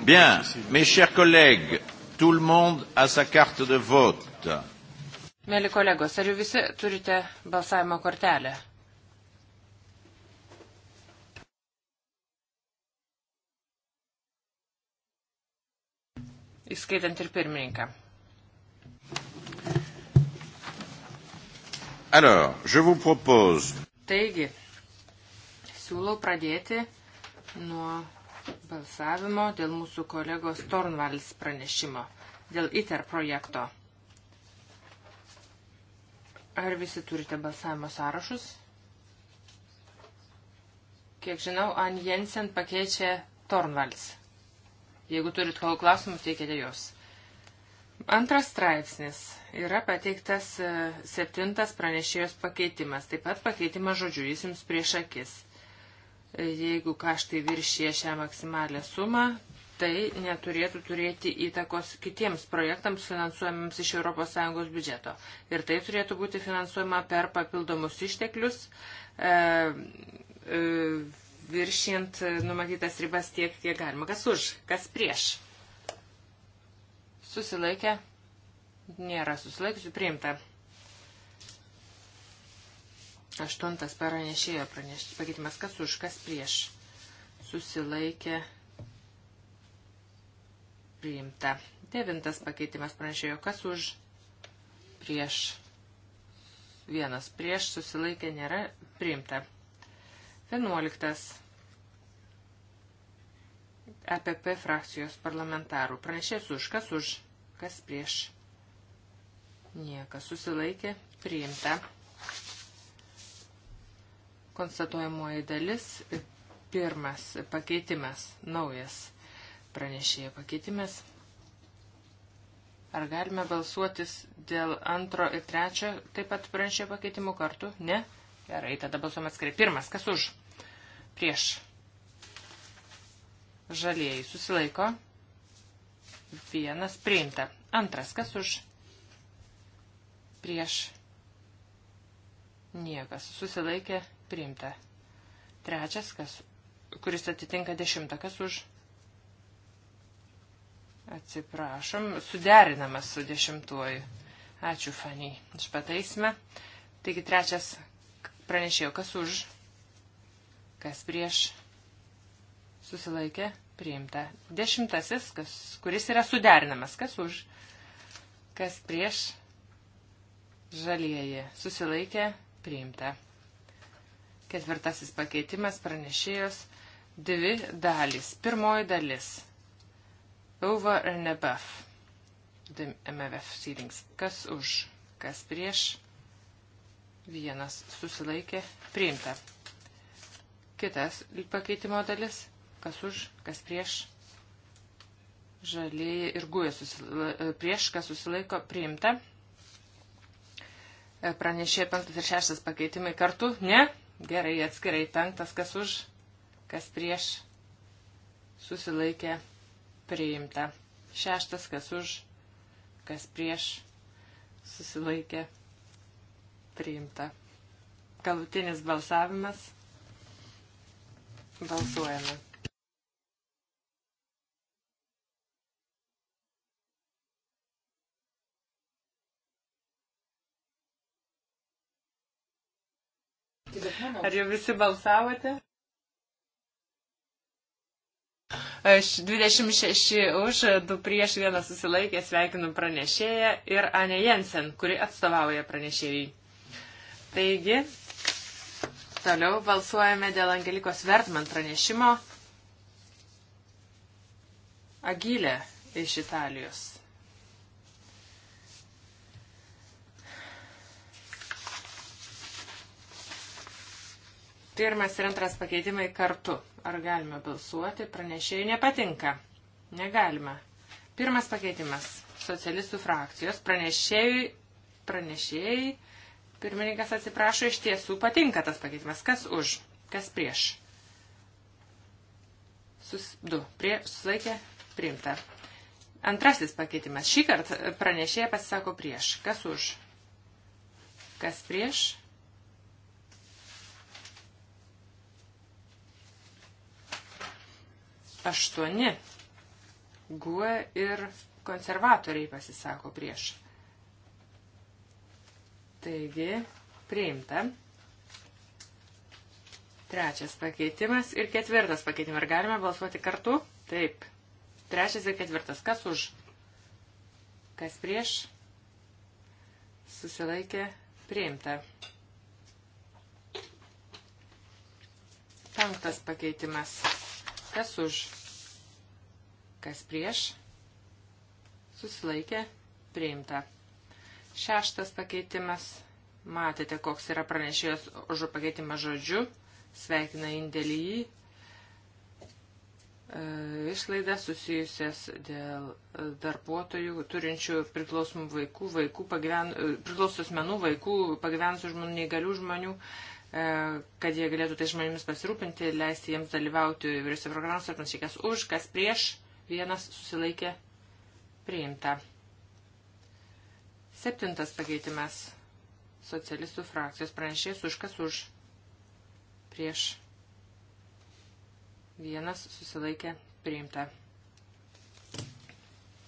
Speaker 1: Bien, mes chers collègues, tout le monde a sa carte de vote.
Speaker 2: Mėly kolegos, ar jūs visi turite balsavimo kortelę? Įskaitant ir pirmininką.
Speaker 1: Alors, je vous propose.
Speaker 2: Taigi, siūlau pradėti nuo balsavimo dėl mūsų kolegos Tornvalis pranešimo, dėl ITER projekto. Ar visi turite balsavimo sąrašus? Kiek žinau, An Jensen pakeičia Tornvalis. Jeigu turit kol klausimų, teikite juos. Antras straipsnis yra pateiktas e, septintas pranešėjos pakeitimas, taip pat pakeitimas žodžiu, jis jums prieš akis. Jeigu kaštai viršyje šią maksimalę sumą, tai neturėtų turėti įtakos kitiems projektams finansuojamams iš ES biudžeto. Ir tai turėtų būti finansuojama per papildomus išteklius, e, e, viršint numatytas ribas tiek, kiek galima. Kas už, kas prieš? Susilaikė? Nėra susilaikiusių priimta. Aštuntas pranešėjo pranešti. Pakeitimas kas už, kas prieš. Susilaikė. Priimta. Devintas pakeitimas pranešėjo kas už, prieš. Vienas prieš susilaikė nėra priimta. Vienuoliktas. APP e frakcijos parlamentarų. Pranešės už, kas už, kas prieš. Niekas susilaikė, priimta. Konstatuojamoji dalis. Pirmas pakeitimas. Naujas pranešėjo pakeitimas. Ar galime balsuotis dėl antro ir trečio taip pat pranešė pakeitimų kartu? Ne? Gerai, tada balsuom atskirai. Pirmas, kas už? Prieš. Žalieji susilaiko. Vienas priimta. Antras, kas už? Prieš. Niekas susilaikė, priimta. Trečias, kas, kuris atitinka dešimtą, kas už. Atsiprašom, suderinamas su dešimtuoju. Ačiū, Fanny. Aš pataisime. Taigi trečias pranešėjo, kas už, kas prieš, susilaikė, priimta. Dešimtasis, kas, kuris yra suderinamas, kas už, kas prieš, žalieji, susilaikė, priimta. Ketvirtasis pakeitimas pranešėjos dvi dalys. Pirmoji dalis. Over and above. The MFF ceilings. Kas už, kas prieš. Vienas susilaikė. Priimta. Kitas pakeitimo dalis. Kas už, kas prieš žalieji ir guja prieš, kas susilaiko priimta. Pranešė 5 ir 6 pakeitimai kartu, ne, Gerai, atskirai penktas, kas už, kas prieš, susilaikė, priimta. Šeštas, kas už, kas prieš, susilaikė, priimta. Galutinis balsavimas.
Speaker 3: Balsuojame.
Speaker 1: Ar jau visi
Speaker 2: balsavote? Aš 26 už, 2 prieš, 1 susilaikė, sveikinu pranešėją ir Anė Jensen, kuri atstovauja pranešėjai. Taigi, toliau balsuojame dėl Angelikos Vertman pranešimo. Agilė iš Italijos. Pirmas ir antras pakeitimai kartu. Ar galime balsuoti? Pranešėjai nepatinka. Negalima. Pirmas pakeitimas. Socialistų frakcijos pranešėjai. Pranešėjai. Pirmininkas atsiprašo, iš tiesų patinka tas pakeitimas. Kas už? Kas prieš? Sus, du. Prie, susilaikė. Priimta. Antrasis pakeitimas. Šį kartą pranešėja pasisako prieš. Kas už? Kas prieš? Aštuoni. Gue ir konservatoriai pasisako prieš. Taigi, priimta. Trečias pakeitimas ir ketvirtas pakeitimas. Ar galime balsuoti kartu? Taip. Trečias ir ketvirtas. Kas už? Kas prieš? Susilaikė. Priimta. Penktas pakeitimas. Kas už? Kas prieš? Susilaikė. Priimta. Šeštas pakeitimas. Matėte, koks yra pranešėjos už pakeitimą žodžiu. Sveikina indėlį į e, išlaidas susijusias dėl darbuotojų turinčių priklausomų vaikų, vaikų pagyven, e, priklausos menų, vaikų pagyvenusių žmonių, neįgalių žmonių, E, kad jie galėtų tai žmonėmis pasirūpinti, leisti jiems dalyvauti įvairiose programose ir panašiai, kas už, kas prieš, vienas susilaikė priimta. Septintas pakeitimas. Socialistų frakcijos pranešėjas už, kas už, prieš, vienas susilaikė priimta.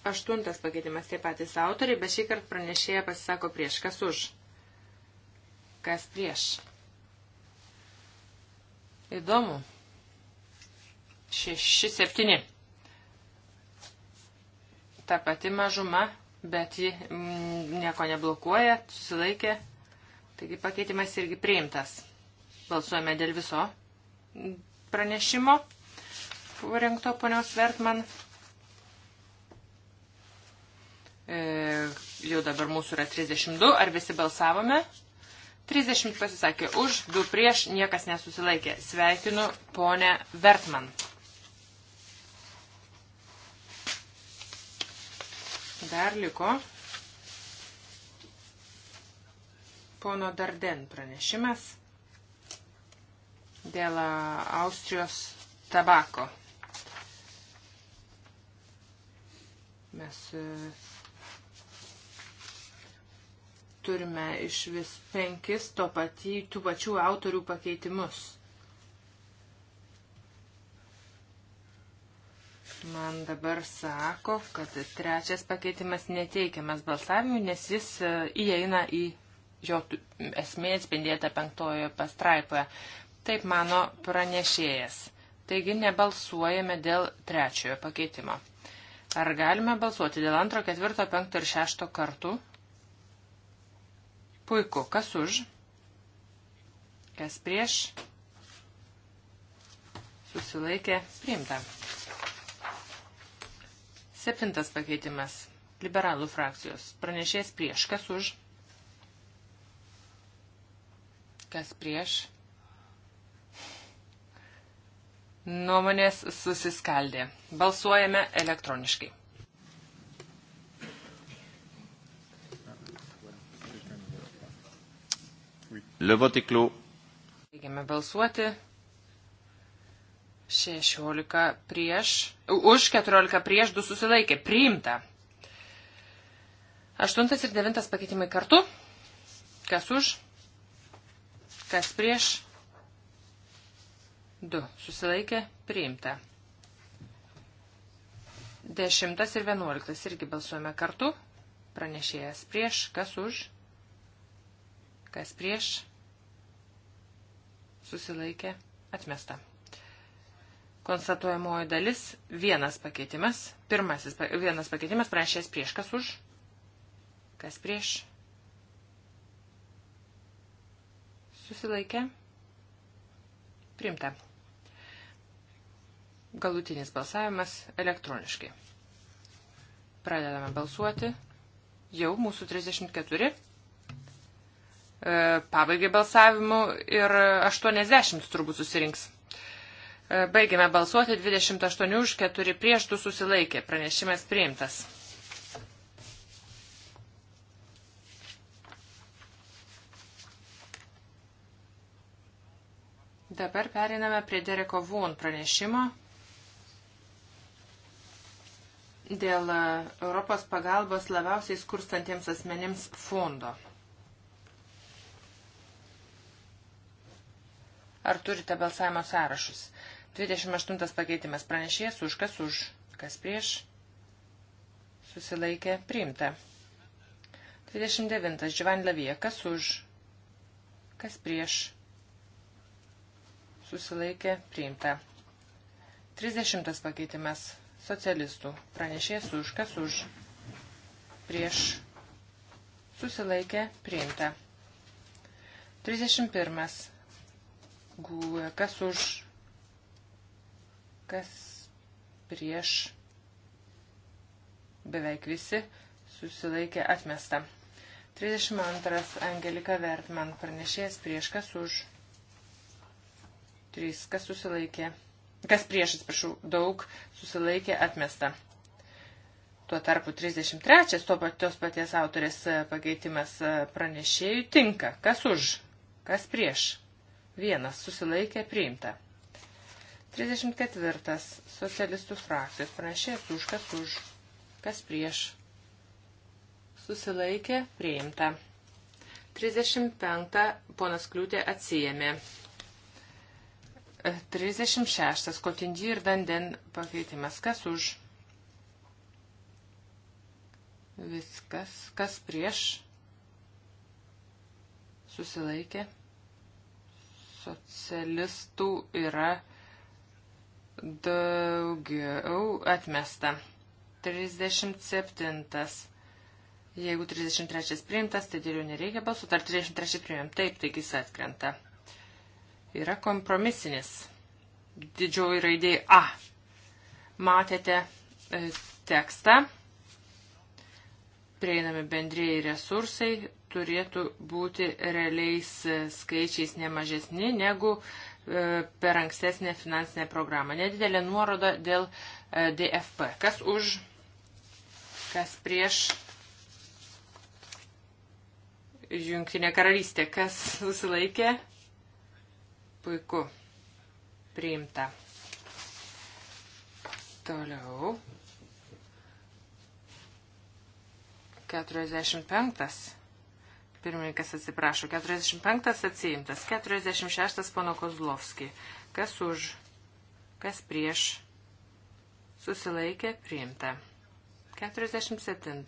Speaker 2: Aštuntas pakeitimas tie patys autoriai, bet šį kartą pranešėja pasisako prieš, kas už, kas prieš Įdomu. Šeši, septyni. Ta pati mažuma, bet ji mm, nieko neblokuoja, susilaikė. Taigi pakeitimas irgi priimtas. Balsuojame dėl viso pranešimo rengto ponios Vertman. E, jau dabar mūsų yra 32. Ar visi balsavome? 30 pasisakė už, 2 prieš, niekas nesusilaikė. Sveikinu ponę Vertman. Dar liko pono Darden pranešimas dėl Austrijos tabako. Mes e, turime iš vis penkis to pati, tų pačių autorių pakeitimus. Man dabar sako, kad trečias pakeitimas neteikiamas balsavimui, nes jis e, įeina į jo esmė atspindėta penktojoje pastraipoje. Taip mano pranešėjas. Taigi nebalsuojame dėl trečiojo pakeitimo. Ar galime balsuoti dėl antro, ketvirto, penkto ir šešto kartų? Puiku, kas už, kas prieš, susilaikė, priimta. Septintas pakeitimas. Liberalų frakcijos. Pranešės prieš, kas už, kas prieš. Nuomonės susiskaldė. Balsuojame elektroniškai.
Speaker 3: Le vote est clos.
Speaker 2: Baigiame balsuoti. 16 prieš. Už 14 prieš 2 susilaikė. Priimta. 8 ir 9 pakeitimai kartu. Kas už? Kas prieš? 2 susilaikė. Priimta. 10 ir 11 irgi balsuojame kartu. Pranešėjas prieš. Kas už? Kas prieš? susilaikė, atmesta. Konstatuojamoji dalis, vienas pakeitimas, pirmasis, vienas pakeitimas, prašęs prieš, kas už, kas prieš, susilaikė, primta. Galutinis balsavimas elektroniškai. Pradedame balsuoti. Jau mūsų 34. E, pabaigė balsavimu ir 80 turbūt susirinks. E, baigėme balsuoti 28 už 4 prieš 2 susilaikė. Pranešimas priimtas. Dabar periname prie Dereko Vūn pranešimo dėl Europos pagalbos labiausiai skurstantiems asmenims fondo. Ar turite balsavimo sąrašus? 28 pakeitimas pranešėjas už kas už, kas prieš, susilaikė, priimta. 29. Dživan Lavija, kas už, kas prieš, susilaikė, priimta. 30. pakeitimas socialistų pranešėjas už kas už, prieš, susilaikė, priimta. 31. Gūja, kas už, kas prieš, beveik visi susilaikė atmesta. 32. Angelika Vertman pranešėjas prieš, kas už, 3, kas susilaikė, kas prieš, atsiprašau, daug susilaikė atmesta. Tuo tarpu 33 to pačios paties autorės pakeitimas pranešėjų tinka. Kas už? Kas prieš? Vienas susilaikė priimta. 34. Socialistų frakcijos pranešėjas už kas už, kas prieš. Susilaikė priimta. 35. Ponas Kliūtė atsijėmė. 36. E, Kotindy ir Danden pakeitimas. Kas už? Viskas. Kas prieš? Susilaikė socialistų yra daugiau atmesta. 37. Jeigu 33 priimtas, tai dėl jų nereikia balsuoti. Ar 33 priimėm? Taip, taigi jis atkrenta. Yra kompromisinis. Didžioji raidė A. Matėte e, tekstą prieinami bendrėjai resursai, turėtų būti realiais e, skaičiais nemažesni negu e, per ankstesnę finansinę programą. Nedidelė nuoroda dėl e, DFP. Kas už, kas prieš Junktinė karalystė, kas susilaikė? Puiku. Priimta. Toliau. 45. Pirmininkas atsiprašo. 45 atsiimtas. 46 pono Kozlovski. Kas už? Kas prieš? Susilaikė priimta. 47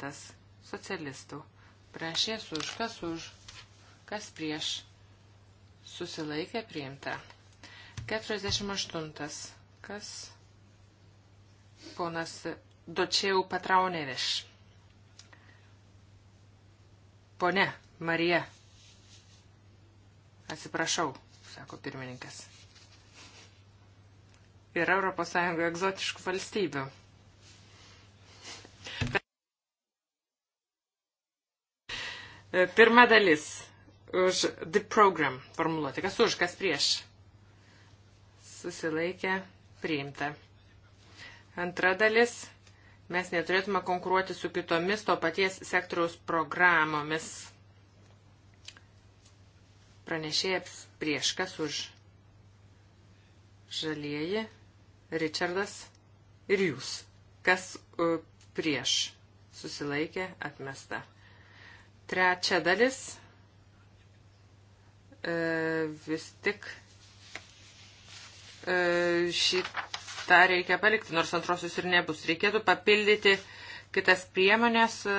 Speaker 2: socialistų. Pranešės už. Kas už? Kas prieš? Susilaikė priimta. 48. Kas? Ponas Dočiau Patraunėviš. Pone Marija. Atsiprašau, sako pirmininkas. Yra ES egzotiškų valstybių. Pirma dalis. Už the program formuluoti. Kas už, kas prieš. Susilaikė, priimta. Antra dalis. Mes neturėtume konkuruoti su kitomis to paties sektoriaus programomis Pranešėja prieš kas už žalieji, Richardas ir jūs. Kas uh, prieš susilaikė atmesta. Trečia dalis e, vis tik e, šitą reikia palikti, nors antrosios ir nebus. Reikėtų papildyti kitas priemonės, e,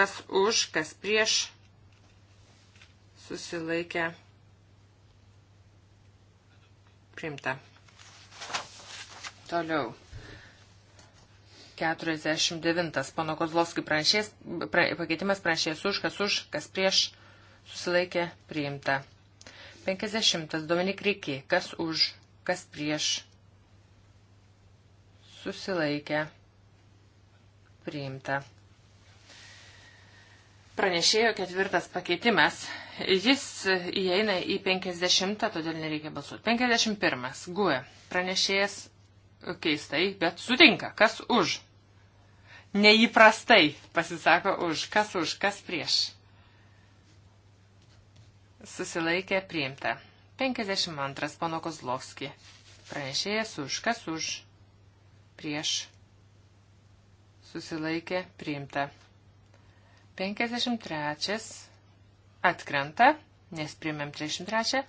Speaker 2: kas už, kas prieš susilaikę primta. Toliau. 49. Pono Kozlovskis pranešės, pra, pakeitimas pranešės už, kas už, kas prieš, susilaikė priimta. 50. Dominik Rikį, kas už, kas prieš, susilaikė priimta pranešėjo ketvirtas pakeitimas. Jis įeina į 50, todėl nereikia balsuoti. 51. Gue. Pranešėjas keistai, bet sutinka. Kas už? Neįprastai pasisako už. Kas už, kas prieš. Susilaikė priimta. 52. Pono Kozlovski. Pranešėjas už. Kas už? Prieš. Susilaikė priimta. 53 atkrenta, nes priėmėm 33.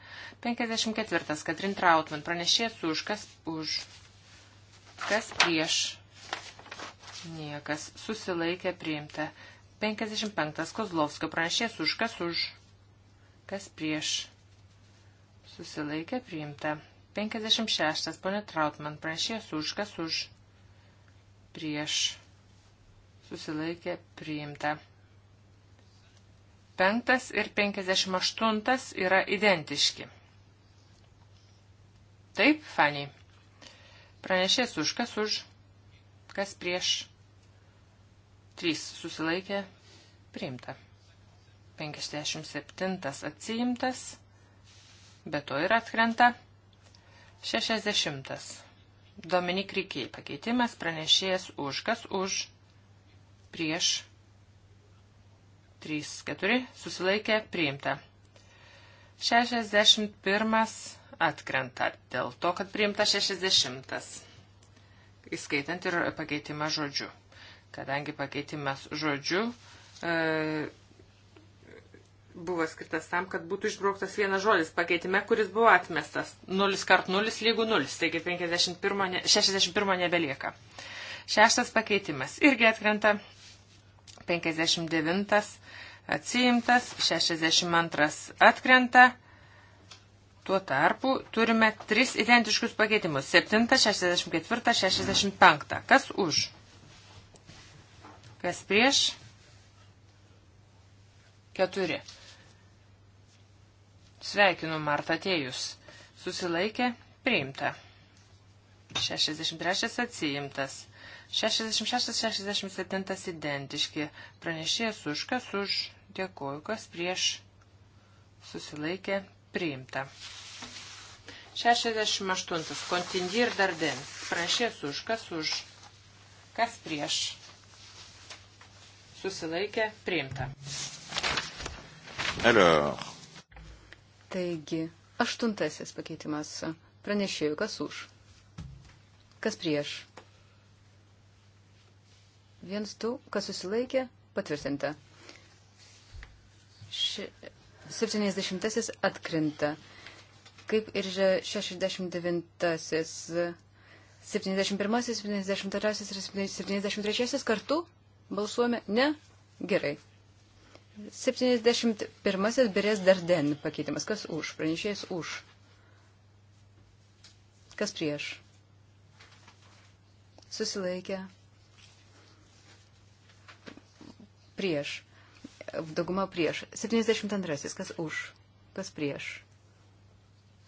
Speaker 2: 54. Katrin Trautman pranešės už kas už. Kas prieš? Niekas. Susilaikė priimta. 55. Kozlovskio pranešės už kas už. Kas prieš? Susilaikė priimta. 56. Pone Trautman pranešės už kas už. Prieš. Susilaikė priimta. 5 ir 58 yra identiški. Taip, Fanny. Pranešės už, kas už, kas prieš. 3 susilaikė, priimta. 57 atsiimtas, bet to ir atkrenta. 60. Dominik Rykiai pakeitimas pranešėjas už, kas už, prieš 3, 4 susilaikė priimta. 61 atkrenta dėl to, kad priimta 60, įskaitant ir pakeitimą žodžiu. Kadangi pakeitimas žodžiu e, buvo skirtas tam, kad būtų išbrauktas vienas žodis pakeitime, kuris buvo atmestas. 0 kart 0 lygų 0, taigi 51, ne, 61 nebelieka. Šeštas pakeitimas irgi atkrenta. 59 atsiimtas, 62 atkrenta. Tuo tarpu turime tris identiškus pakeitimus. 7, 64, 65. Kas už? Kas prieš? 4. Sveikinu Marta atėjus. Susilaikė, priimta. 63 atsiimtas. 66-67 identiški. Pranešėjas už, kas už, dėkoju, kas prieš susilaikė priimta. 68. Kontindy ir Darden. Pranešėjas už, kas už, kas prieš
Speaker 1: susilaikė priimta. Alors. Taigi, aštuntasis pakeitimas. Pranešėjų, kas už, kas prieš Viens, du, kas susilaikė, patvirtinta. Ši... 70 atkrinta. Kaip ir 69-asis, 71-asis, 72-asis ir 73-asis kartu balsuojame? Ne? Gerai. 71-asis Birės Darden pakeitimas. Kas už? Pranešėjas už. Kas prieš? Susilaikė. prieš. Dauguma prieš. 72. Kas už? Kas prieš?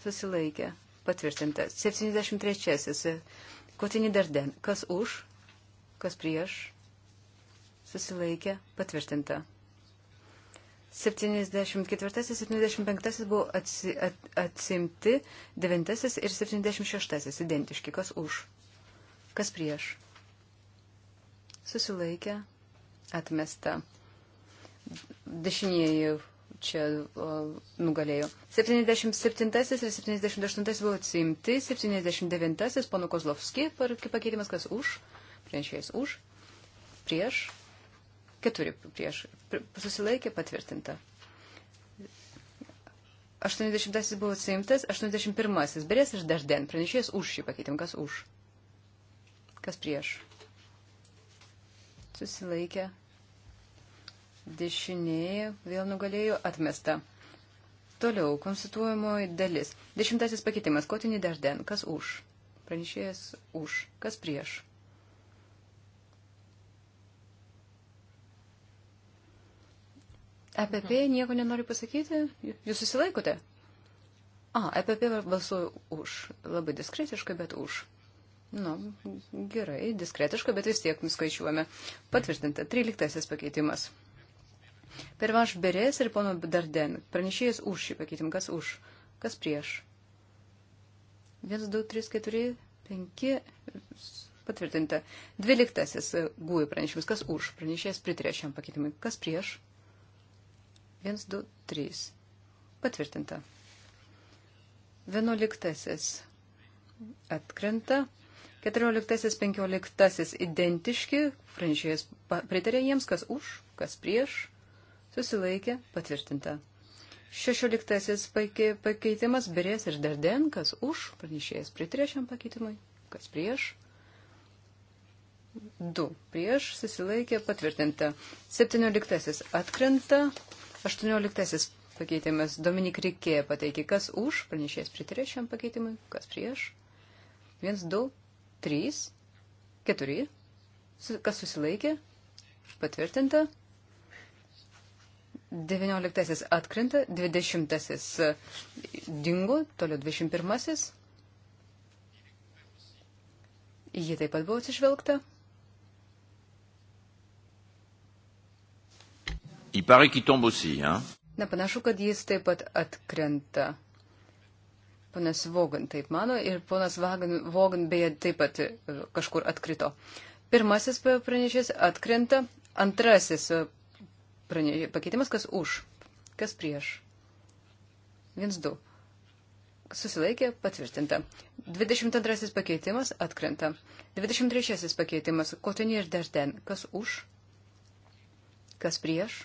Speaker 1: Susilaikė. Patvirtinta. 73. Kotinį darden. Kas už? Kas prieš? Susilaikė. Patvirtinta. 74-75 buvo atsi, at, atsimti, 9 ir 76 identiški. Kas už? Kas prieš? Susilaikė atmesta. Dešinieji čia o, nugalėjo. 77 ir 78 buvo atsimti, 79 pono Kozlovski pakeitimas, kas už, priešėjas už, prieš, keturi prieš, susilaikė patvirtinta. 80 buvo atsimtas, 81 berės ir dažden, pranešėjas už šį pakeitimą, kas už, kas prieš susilaikė, dešinėje vėl nugalėjo atmesta. Toliau, konstituojamoji dalis. Dešimtasis pakeitimas, kotinį darden, kas už? Pranešėjas už, kas prieš? EPP nieko nenori pasakyti? Jūs susilaikote? A, EPP balsuoju už. Labai diskretiškai, bet už. Nu, gerai, diskretiška, bet vis tiek nuskaičiuojame. Patvirtinta, 13 pakeitimas. Per vaš berės ir pono Darden. Pranešėjas už šį pakeitimą. Kas už? Kas prieš? 1, 2, 3, 4, 5. Patvirtinta. 12 e, gųjų pranešimas. Kas už? Pranešėjas pritarė šiam pakeitimui. Kas prieš? 1, 2, 3. Patvirtinta. 11. Atkrenta. 14-15 identiški, pranešėjas pritarė jiems, kas už, kas prieš, susilaikė, patvirtinta. 16 pake, pakeitimas, berės ir darden, kas už, pranešėjas pritarė šiam pakeitimui, kas prieš, 2 prieš, susilaikė, patvirtinta. 17 atkrenta, 18 pakeitimas, Dominik Rikė pateikė, kas už, pranešėjas pritarė šiam pakeitimui, kas prieš, 1, 2, 3, 4, kas susilaikė, patvirtinta. 19 atkrinta, 20 e, dingo, toliau 21. Ji taip pat buvo atsižvelgta.
Speaker 2: Į parį kitom busi, ja?
Speaker 1: Na, panašu, kad jis taip pat atkrenta. Ponas Vogan taip mano ir ponas Vagan, Vogan beje taip pat e, kažkur atkrito. Pirmasis pranešės atkrenta, antrasis e, pranešė, pakeitimas kas už, kas prieš. Viens du. Susilaikė patvirtinta. 22 pakeitimas atkrenta. 23 pakeitimas kotinė ir derden. Kas už? Kas prieš?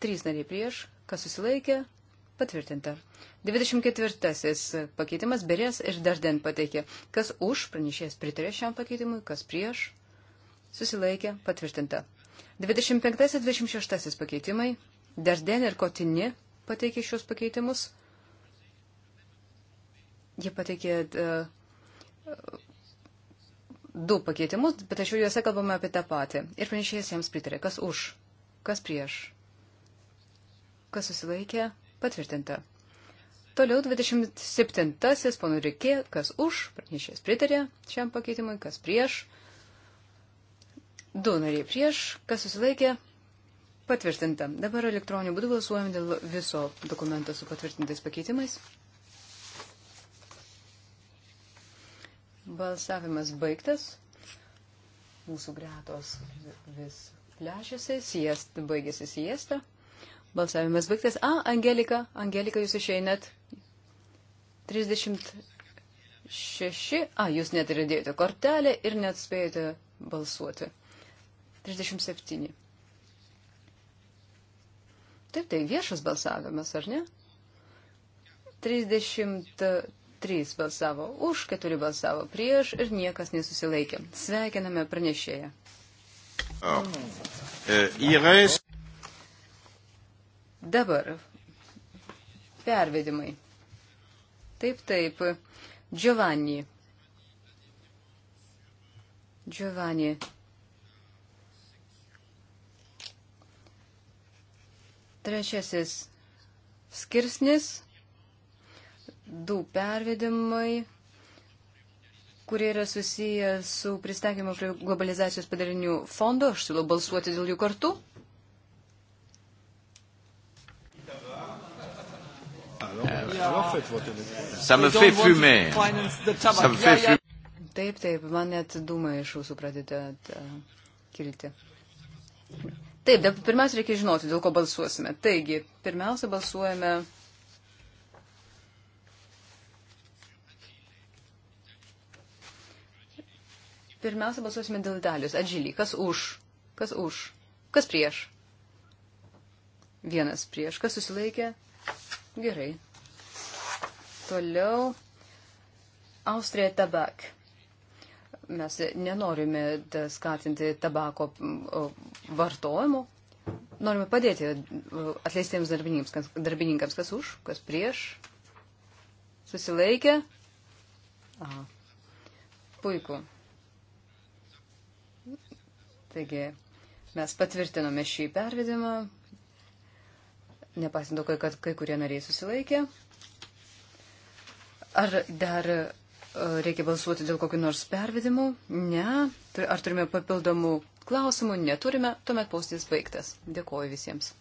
Speaker 1: Trys nariai prieš. Kas susilaikė? Patvirtinta. 24. Pakeitimas Berės ir Darden pateikė. Kas už pranešėjas pritarė šiam pakeitimui, kas prieš susilaikė. Patvirtinta. 25-26 pakeitimai. Darden ir Kotini pateikė šios pakeitimus. Jie pateikė uh, du pakeitimus, bet aš jau juose kalbame apie tą patį. Ir pranešėjas jiems pritarė. Kas už? Kas prieš? Kas susilaikė? Patvirtinta. Toliau 27-asis, ponu Rikė, kas už, pranešės pritarė šiam pakeitimui, kas prieš. Du nariai prieš, kas susilaikė, patvirtinta. Dabar elektroniniu būdu balsuojame dėl viso dokumento su patvirtintais pakeitimais. Balsavimas baigtas. Mūsų gretos vis plešiasi, siest, baigėsi siesta. Balsavimas baigtas. A, Angelika, Angelika, jūs išeinat. 36. A, jūs net ir įdėjote kortelę ir net spėjote balsuoti. 37. Taip, tai viešas balsavimas, ar ne? 33 balsavo už, 4 balsavo prieš ir niekas nesusilaikė. Sveikiname pranešėją. Oh. Ah. Uh, Ires Dabar pervedimai. Taip, taip. Giovanni. Giovanni. Trečiasis skirsnis. Du pervedimai kurie yra susiję su pristatymu prie globalizacijos padarinių fondo. Aš siūlau balsuoti dėl jų kartu. Ça me fait fumer. Ça me fait fumer. Taip, taip, man net dūmai iš jūsų pradeda e, kilti. Taip, da, pirmiausia, reikia žinoti, dėl ko balsuosime. Taigi, pirmiausia, balsuojame. Pirmiausia, balsuosime dėl Italijos. Adžylį, kas už? Kas už? Kas prieš? Vienas prieš. Kas susilaikė? Gerai, Toliau Austrija tabak. Mes nenorime skatinti tabako vartojimo. Norime padėti atleistiems darbininkams, kas, darbininkams, kas už, kas prieš. Susilaikė. Aha. Puiku. Taigi, mes patvirtinome šį pervedimą, nepasinto, kad kai kurie nariai susilaikė. Ar dar e, reikia balsuoti dėl kokiu nors pervedimu? Ne. Tai ar turime papildomų klausimų? Neturime. Tuomet postis baigtas. Dėkuoju visiems.